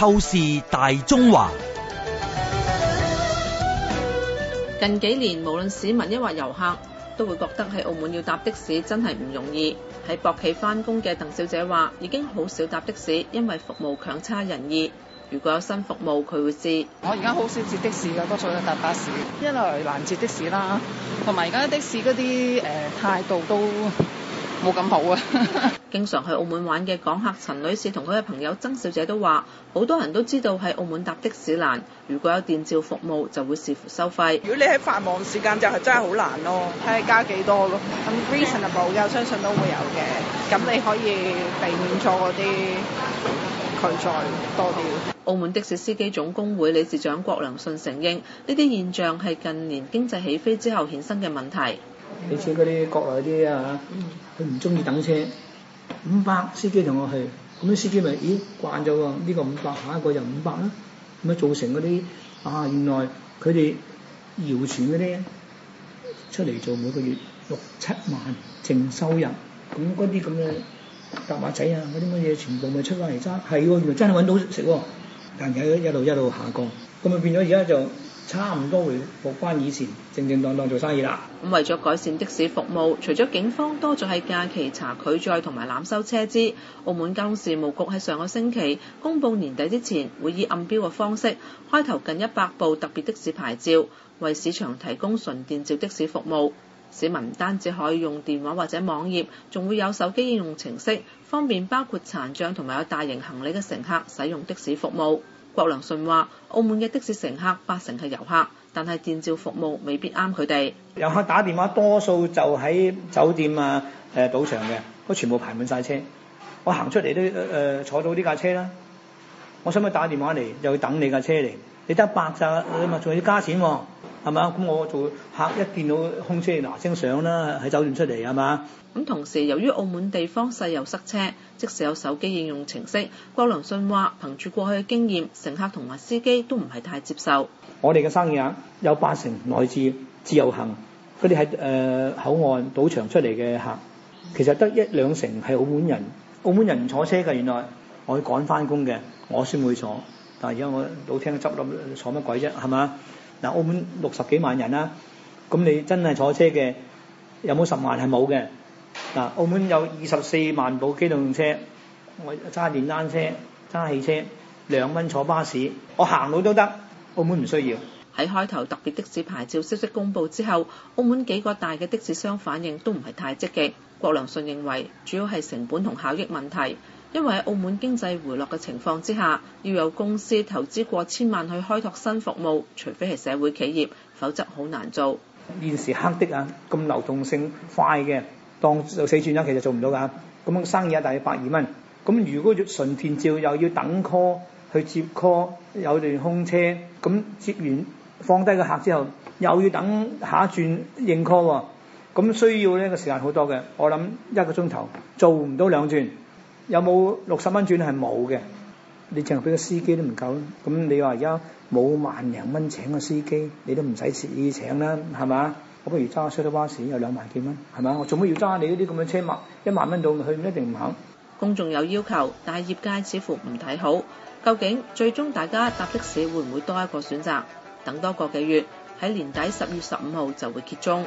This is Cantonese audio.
透視大中華。近幾年，無論市民抑或遊客，都會覺得喺澳門要搭的士真係唔容易。喺博企翻工嘅鄧小姐話，已經好少搭的士，因為服務強差人意。如果有新服務，佢會知。我而家好少接的士嘅，多數都搭巴士，一來難接的士啦，同埋而家的士嗰啲誒態度都。冇咁好啊！ 經常去澳門玩嘅港客陳女士同佢嘅朋友曾小姐都話，好多人都知道喺澳門搭的士難，如果有電召服務，就會視乎收費。如果你喺繁忙時間就係真係好難咯，睇下加幾多咯。咁 reasonable 嘅，相信都會有嘅。咁你可以避免咗嗰啲拒載多啲。澳門的士司機總工會理事長郭良信承認，呢啲現象係近年經濟起飛之後衍生嘅問題。你知嗰啲國內啲啊，佢唔中意等車，五百司機同我去，咁啲司機咪咦慣咗喎，呢個五百下一個就五百啦，咁啊造成嗰啲啊原來佢哋搖船嗰啲出嚟做每個月六七萬淨收入，咁嗰啲咁嘅搭馬仔啊嗰啲乜嘢全部咪出翻嚟揸，係原來真係揾到食，但係佢一路一路下降，咁啊變咗而家就。差唔多回復翻以前正正當當做生意啦。咁為咗改善的士服務，除咗警方多咗喺假期查拒載同埋濫收車資，澳門交通事務局喺上個星期公佈年底之前會以暗標嘅方式開投近一百部特別的士牌照，為市場提供純電召的士服務。市民唔單止可以用電話或者網頁，仲會有手機應用程式，方便包括殘障同埋有大型行李嘅乘客使用的士服務。郭良信話，澳門嘅的、的士乘客八成係遊客，但係電召服務未必啱佢哋。遊客打電話多數就喺酒店啊、誒、呃、賭場嘅，都全部排滿晒車。我行出嚟，都誒、呃、坐到呢架車啦，我想去打電話嚟，又要等你架車嚟，你得八咋，你咪仲要加錢啊。係嘛？咁我做客一見到空車嗱聲上啦，喺酒店出嚟係嘛？咁同時由於澳門地方細又塞車，即使有手機應用程式，郭良信話憑住過去嘅經驗，乘客同埋司機都唔係太接受。我哋嘅生意額，有八成來自自由行，嗰啲喺誒口岸賭場出嚟嘅客，其實得一兩成係澳門人。澳門人唔坐車㗎，原來我去趕翻工嘅，我先會坐。但係而家我老聽執笠，坐乜鬼啫？係嘛？嗱，澳門六十幾萬人啦，咁你真係坐車嘅有冇十萬係冇嘅嗱？澳門有二十四萬部機動車，我揸電單車揸汽車兩蚊坐巴士，我行路都得。澳門唔需要。喺開投特別的士牌照消息公佈之後，澳門幾個大嘅的,的士商反應都唔係太積極。郭良信認為主要係成本同效益問題。因為喺澳門經濟回落嘅情況之下，要有公司投資過千萬去開拓新服務，除非係社會企業，否則好難做。現時黑的啊，咁流動性快嘅，當四轉啊，其實做唔到㗎。咁生意啊，大概百二蚊。咁如果要純電召又要等 call 去接 call，有段空車，咁接完放低個客之後，又要等下一轉認 call，咁需要呢個時間好多嘅。我諗一個鐘頭做唔到兩轉。有冇六十蚊轉係冇嘅？你淨係俾個司機都唔夠咁你話而家冇萬零蚊請個司機，你都唔使蝕意請啦，係嘛？我不如揸 s h 巴士有，有兩萬幾蚊，係嘛？我做乜要揸你呢啲咁嘅車嘛？一萬蚊到去，唔一定唔肯。公眾有要求，但係業界似乎唔睇好。究竟最終大家搭的士會唔會多一個選擇？等多個幾月，喺年底十月十五號就會結宗。